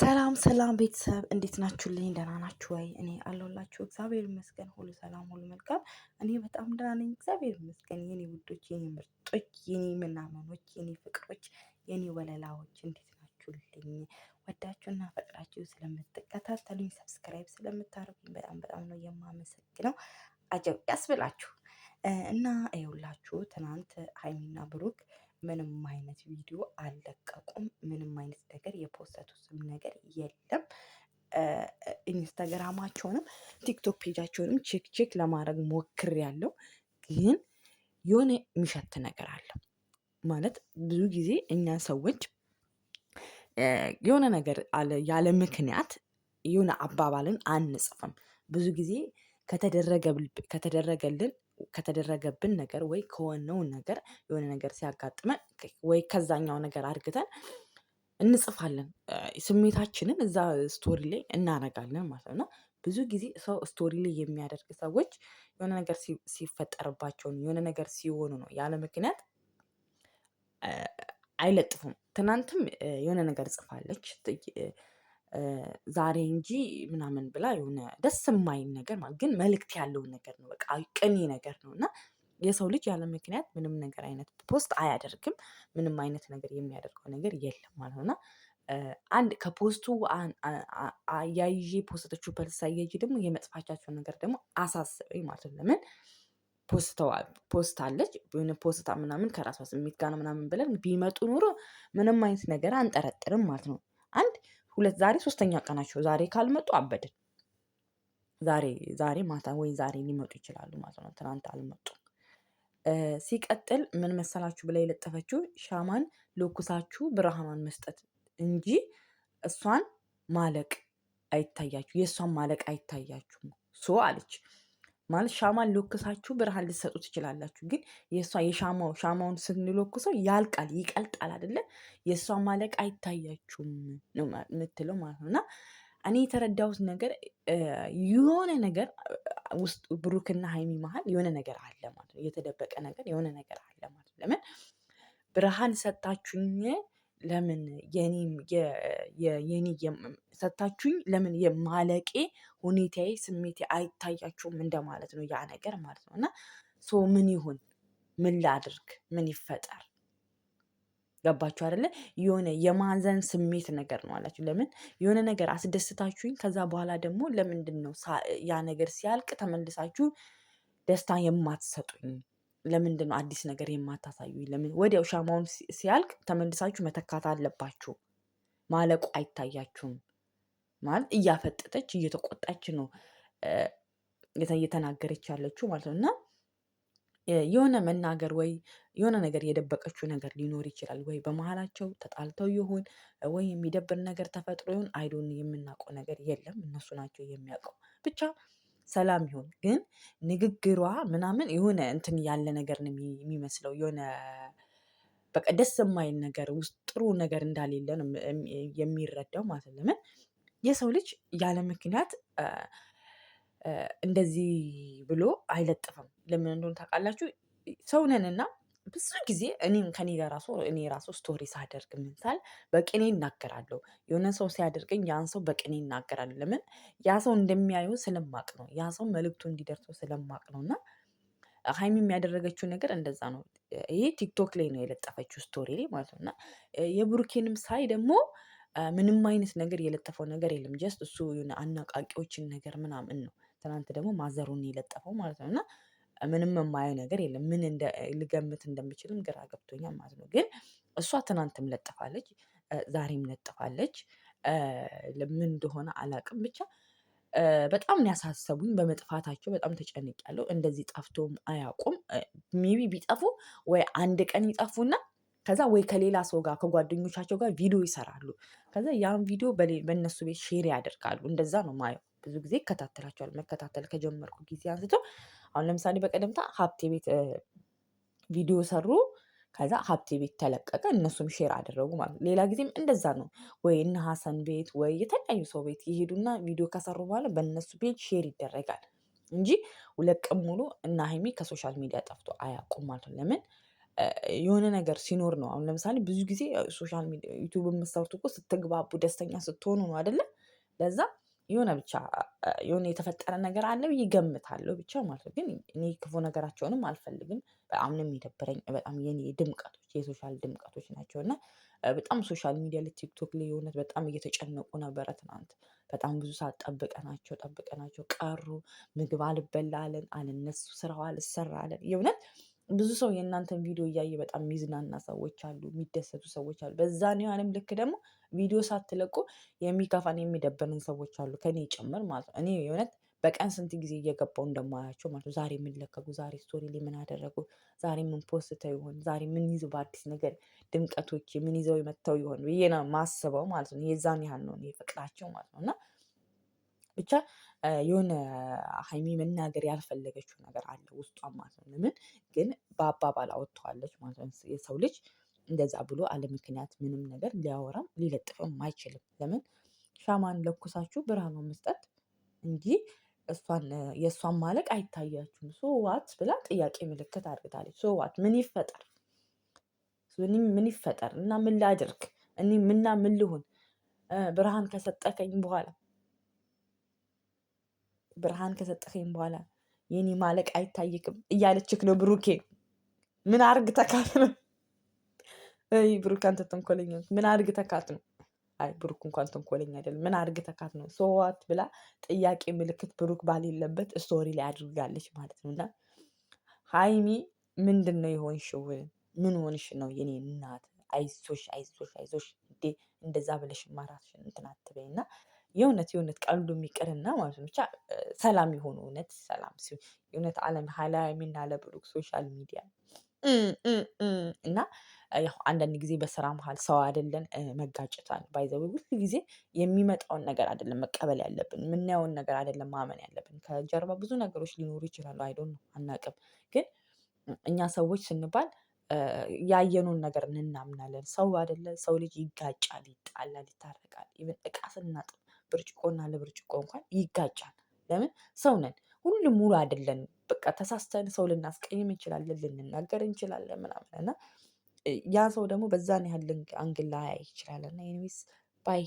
ሰላም ሰላም ቤተሰብ እንዴት ናችሁልኝ? ደህና ናችሁ ወይ? እኔ አለሁላችሁ። እግዚአብሔር ይመስገን፣ ሁሉ ሰላም፣ ሁሉ መልካም። እኔ በጣም ደህና ነኝ፣ እግዚአብሔር ይመስገን። የኔ ውዶች፣ የኔ ምርጦች፣ የኔ ምናምኖች፣ የኔ ፍቅሮች፣ የኔ ወለላዎች እንዴት ናችሁልኝ? ወዳችሁና ፈቅዳችሁ ስለምትከታተሉኝ ሰብስክራይብ ስለምታደርጉኝ በጣም በጣም ነው የማመሰግነው። አጀብ ያስብላችሁ እና ይኸውላችሁ ትናንት ሀይሚና ብሩክ ምንም አይነት ቪዲዮ አልለቀቁ የሚመለከቱትም ነገር የለም። ኢንስታግራማቸውንም ቲክቶክ ፔጃቸውንም ቼክ ቼክ ለማድረግ ያለው ግን የሆነ የሚሸት ነገር አለ ማለት ብዙ ጊዜ እኛ ሰዎች የሆነ ነገር ያለ ምክንያት የሆነ አባባልን አንጽፍም። ብዙ ጊዜ ከተደረገልን ከተደረገብን ነገር ወይ ከሆነው ነገር የሆነ ነገር ሲያጋጥመን ወይ ከዛኛው ነገር አድርግተን እንጽፋለን ስሜታችንን እዛ ስቶሪ ላይ እናረጋለን ማለት ነው። እና ብዙ ጊዜ ሰው ስቶሪ ላይ የሚያደርግ ሰዎች የሆነ ነገር ሲፈጠርባቸው የሆነ ነገር ሲሆኑ ነው ያለ ምክንያት አይለጥፉም። ትናንትም የሆነ ነገር ጽፋለች ዛሬ እንጂ ምናምን ብላ የሆነ ደስ የማይን ነገር ግን መልእክት ያለውን ነገር ነው በቃ ቅኔ ነገር ነው። እና የሰው ልጅ ያለ ምክንያት ምንም ነገር አይነት ፖስት አያደርግም። ምንም አይነት ነገር የሚያደርገው ነገር የለም ማለት ነውና አንድ ከፖስቱ አያይ ፖስቶቹ ፐርስ አያይዤ ደግሞ የመጥፋቻቸው ነገር ደግሞ አሳሰበኝ ማለት ነው። ለምን ፖስተዋል ፖስት አለች ወይም ፖስታ ምናምን ከራሷ ስሜት ጋር ምናምን ብለን ቢመጡ ኑሮ ምንም አይነት ነገር አንጠረጥርም ማለት ነው። አንድ ሁለት ዛሬ ሶስተኛ ቀናቸው ዛሬ ካልመጡ አበድን። ዛሬ ዛሬ ማታ ወይ ዛሬ ሊመጡ ይችላሉ ማለት ነው። ትናንት አልመጡ ሲቀጥል ምን መሰላችሁ ብላ የለጠፈችው ሻማን ለኩሳችሁ ብርሃኗን መስጠት እንጂ እሷን ማለቅ አይታያችሁ የእሷን ማለቅ አይታያችሁም ሶ አለች። ማለት ሻማን ሎክሳችሁ ብርሃን ልትሰጡ ትችላላችሁ፣ ግን የእሷ የሻማው ሻማውን ስንሎክሰው ያልቃል ይቀልጣል አይደለ? የእሷን ማለቅ አይታያችሁም ነው የምትለው ማለት ነው። እና እኔ የተረዳሁት ነገር የሆነ ነገር ውስጥ ብሩክና ሀይሚ መሀል የሆነ ነገር አለ ነው። የተደበቀ ነገር የሆነ ነገር አለ ማለት ነው። ለምን ብርሃን ሰጣችሁኝ? ለምን የኔ ሰታችሁኝ? ለምን የማለቄ ሁኔታዬ ስሜቴ አይታያችሁም እንደማለት ነው ያ ነገር ማለት ነው። እና ሶ ምን ይሁን ምን ላድርግ ምን ይፈጠር? ገባችሁ አይደለ? የሆነ የማዘን ስሜት ነገር ነው አላችሁ። ለምን የሆነ ነገር አስደስታችሁኝ፣ ከዛ በኋላ ደግሞ ለምንድን ነው ያ ነገር ሲያልቅ ተመልሳችሁ ደስታ የማትሰጡኝ ለምንድን ነው አዲስ ነገር የማታሳዩኝ? ለምን ወዲያው ሻማውን ሲያልቅ ተመልሳችሁ መተካት አለባችሁ። ማለቁ አይታያችሁም ማለት እያፈጠጠች እየተቆጣች ነው እየተናገረች ያለችው ማለት ነው። እና የሆነ መናገር ወይ የሆነ ነገር የደበቀችው ነገር ሊኖር ይችላል። ወይ በመሀላቸው ተጣልተው ይሁን ወይ የሚደብር ነገር ተፈጥሮ ይሁን አይዶን የምናውቀው ነገር የለም። እነሱ ናቸው የሚያውቀው ብቻ ሰላም ይሁን ግን ንግግሯ ምናምን የሆነ እንትን ያለ ነገር ነው የሚመስለው የሆነ በቃ ደስ የማይል ነገር ውስጥ ጥሩ ነገር እንዳሌለ የሚረዳው ማለት ነው። ለምን የሰው ልጅ ያለ ምክንያት እንደዚህ ብሎ አይለጥፍም። ለምን እንደሆነ ታውቃላችሁ? ሰው ብዙ ጊዜ እኔም ከኔ ጋር ራሱ እኔ ራሱ ስቶሪ ሳደርግ ምንሳል በቅኔ እናገራለሁ። የሆነ ሰው ሲያደርገኝ ያን ሰው በቅኔ እናገራለሁ። ለምን ያ ሰው እንደሚያየው ስለማቅ ነው ያ ሰው መልእክቱ እንዲደርሰው ስለማቅ ነው። እና ሃይሚም ያደረገችው ነገር እንደዛ ነው። ይሄ ቲክቶክ ላይ ነው የለጠፈችው ስቶሪ ላይ ማለት ነው። እና የብሩኬንም ሳይ ደግሞ ምንም አይነት ነገር የለጠፈው ነገር የለም ጀስት እሱ የሆነ አናቃቂዎችን ነገር ምናምን ነው። ትናንት ደግሞ ማዘሩን የለጠፈው ማለት ነው እና ምንም የማየው ነገር የለም። ምን ልገምት እንደምችልም ግራ ገብቶኛል ማለት ነው። ግን እሷ ትናንትም ለጥፋለች ዛሬም ለጥፋለች። ምን እንደሆነ አላውቅም ብቻ በጣም ነው ያሳሰቡኝ በመጥፋታቸው በጣም ተጨንቄያለሁ። እንደዚህ ጠፍቶም አያውቁም። ሚቢ ቢጠፉ ወይ አንድ ቀን ይጠፉና ከዛ ወይ ከሌላ ሰው ጋር ከጓደኞቻቸው ጋር ቪዲዮ ይሰራሉ ከዛ ያን ቪዲዮ በእነሱ ቤት ሼር ያደርጋሉ እንደዛ ነው የማየው። ብዙ ጊዜ ይከታተላቸዋል መከታተል ከጀመርኩ ጊዜ አንስቶ አሁን ለምሳሌ በቀደምታ ሀብቴ ቤት ቪዲዮ ሰሩ። ከዛ ሀብቴ ቤት ተለቀቀ፣ እነሱም ሼር አደረጉ ማለት ነው። ሌላ ጊዜም እንደዛ ነው ወይ እነ ሀሰን ቤት ወይ የተለያዩ ሰው ቤት ይሄዱና ቪዲዮ ከሰሩ በኋላ በእነሱ ቤት ሼር ይደረጋል እንጂ ሁለት ቀን ሙሉ እና ሀይሚ ከሶሻል ሚዲያ ጠፍቶ አያውቁም ማለት ነው። ለምን የሆነ ነገር ሲኖር ነው። አሁን ለምሳሌ ብዙ ጊዜ ሶሻል ሚዲያ ዩቱብ የምትሰሩት እኮ ስትግባቡ ደስተኛ ስትሆኑ ነው አይደለም ለዛ የሆነ ብቻ የሆነ የተፈጠረ ነገር አለ ብዬ እገምታለሁ ብቻ ማለት ግን እኔ ክፉ ነገራቸውንም አልፈልግም በጣም ነው የሚደብረኝ በጣም የኔ ድምቀቶች የሶሻል ድምቀቶች ናቸው። እና በጣም ሶሻል ሚዲያ ላይ ቲክቶክ ላይ የሆነት በጣም እየተጨነቁ ነበረ ትናንት በጣም ብዙ ሰዓት ጠብቀናቸው ጠብቀናቸው ቀሩ ምግብ አልበላለን አልን አልነሱ ስራው አልሰራለን አልን የእውነት ብዙ ሰው የእናንተን ቪዲዮ እያየ በጣም የሚዝናና ሰዎች አሉ፣ የሚደሰቱ ሰዎች አሉ። በዛኛዋንም ልክ ደግሞ ቪዲዮ ሳትለቁ የሚከፋን የሚደበርን ሰዎች አሉ፣ ከኔ ጭምር ማለት ነው። እኔ የእውነት በቀን ስንት ጊዜ እየገባው እንደማያቸው ማለት ነው። ዛሬ ምን ለቀቁ፣ ዛሬ ስቶሪ ላይ ምን አደረጉ፣ ዛሬ ምን ፖስተው ይሆን፣ ዛሬ ምን ይዘው በአዲስ ነገር ድምቀቶች ምን ይዘው መጥተው ይሆን ብዬ ነው ማስበው ማለት ነው። የዛን ያህል ነው ፍቅራቸው ማለት ነው እና ብቻ የሆነ ሀይሚ መናገር ያልፈለገችው ነገር አለ ውስጧ ማለት ነው። ለምን ግን በአባባል አወጥተዋለች ማለት ነው። የሰው ልጅ እንደዛ ብሎ አለ ምክንያት ምንም ነገር ሊያወራም ሊለጥፍም አይችልም። ለምን ሻማን ለኩሳችሁ ብርሃኑ መስጠት እንጂ እሷን የእሷን ማለቅ አይታያችሁም። ሶዋት ብላ ጥያቄ ምልክት አድርጋለች። ሶዋት ምን ይፈጠር ምን ይፈጠር እና ምን ላድርግ እኔ ምና ምን ልሁን ብርሃን ከሰጠከኝ በኋላ ብርሃን ከሰጠኸኝ በኋላ የኔ ማለቅ አይታይክም እያለችክ ነው። ብሩኬ ምን አርግ ተካት ነው ይ ብሩክ አንተ ተንኮለኛ ምን አርግ ተካት ነው። አይ ብሩክ እንኳን ተንኮለኛ አይደለም። ምን አርግ ተካት ነው። ሶዋት ብላ ጥያቄ ምልክት ብሩክ ባሌለበት ስቶሪ ላይ አድርጋለች ማለት ነው። እና ሀይሚ ምንድን ነው የሆንሽው? ምን ሆንሽ ነው የኔ እናት? አይዞሽ አይዞሽ አይዞሽ እንዴ! እንደዛ ብለሽ ራስሽን እንትን አትበይ እና የእውነት የእውነት ቃል እንደው የሚቀርና ማለት ነው ብቻ ሰላም የሆኑ እውነት ሰላም ሲሆን የእውነት አለም ሀላ የሚናለ ብሩክ ሶሻል ሚዲያ እና ያው አንዳንድ ጊዜ በስራ መሀል ሰው አይደለን መጋጨታል ባይ ሁሉ ጊዜ የሚመጣውን ነገር አይደለም መቀበል ያለብን የምናየውን ነገር አይደለም ማመን ያለብን ከጀርባ ብዙ ነገሮች ሊኖሩ ይችላሉ አይዶ አናቅም። ግን እኛ ሰዎች ስንባል ያየኑን ነገር እንናምናለን። ሰው አይደለ ሰው ልጅ ይጋጫል ይጣላል ይታረቃል ኢቭን እቃ ስናጥብ ብርጭቆና ለብርጭቆ እንኳን ይጋጫል። ለምን ሰው ነን፣ ሁሉም ሙሉ አይደለን። በቃ ተሳስተን ሰው ልናስቀይም እንችላለን፣ ልንናገር እንችላለን ምናምን እና ያ ሰው ደግሞ በዛን ያህል አንግል ላያይ ይችላል እና ኤኒዌይስ ባይ